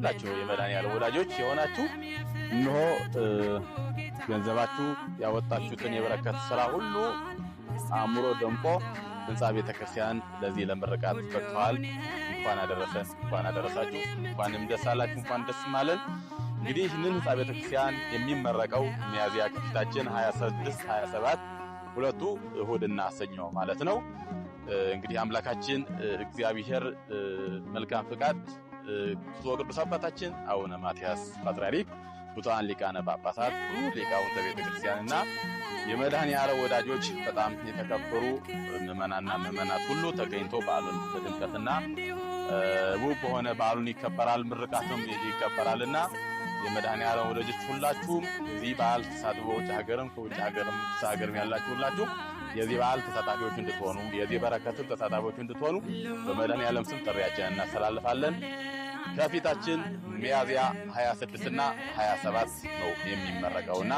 ሁላችሁ የመድኃኒዓለም ወዳጆች የሆናችሁ እንሆ ገንዘባችሁ ያወጣችሁትን የበረከት ስራ ሁሉ አእምሮ ደምቆ ህንፃ ቤተ ክርስቲያን ለዚህ ለምርቃት በቅተዋል። እንኳን አደረሰን፣ እንኳን አደረሳችሁ፣ እንኳንም ደስ አላችሁ፣ እንኳን ደስ ማለን። እንግዲህ ይህንን ህንፃ ቤተ ክርስቲያን የሚመረቀው ሚያዝያ ከፊታችን 26፣ 27 ሁለቱ እሁድና ሰኞ ማለት ነው። እንግዲህ አምላካችን እግዚአብሔር መልካም ፍቃድ ብፁዕ ቅዱስ አባታችን አቡነ ማትያስ ፓትርያርክ፣ ብፁዓን ሊቃነ ጳጳሳት፣ ሊቃውንተ ቤተ ክርስቲያንና የመድኃኔ ዓለም ወዳጆች በጣም የተከበሩ ምዕመናና ምዕመናት ሁሉ ተገኝቶ በዓሉን በድምቀትና ውብ በሆነ በዓሉን ይከበራል። ምርቃቱም ይከበራልና የመድኃኔ ዓለም ወዳጆች ሁላችሁም እዚህ በዓል ተሳትፎ ውጭ ሀገርም ከውጭ ሀገርም ሀገርም ያላችሁ ሁላችሁ የዚህ በዓል ተሳታፊዎች እንድትሆኑ የዚህ በረከትም ተሳታፊዎች እንድትሆኑ በመድኃኔ ዓለም ስም ጥሪያችንን እናስተላልፋለን። ከፊታችን ሚያዝያ 26 እና 27 ነው የሚመረቀውና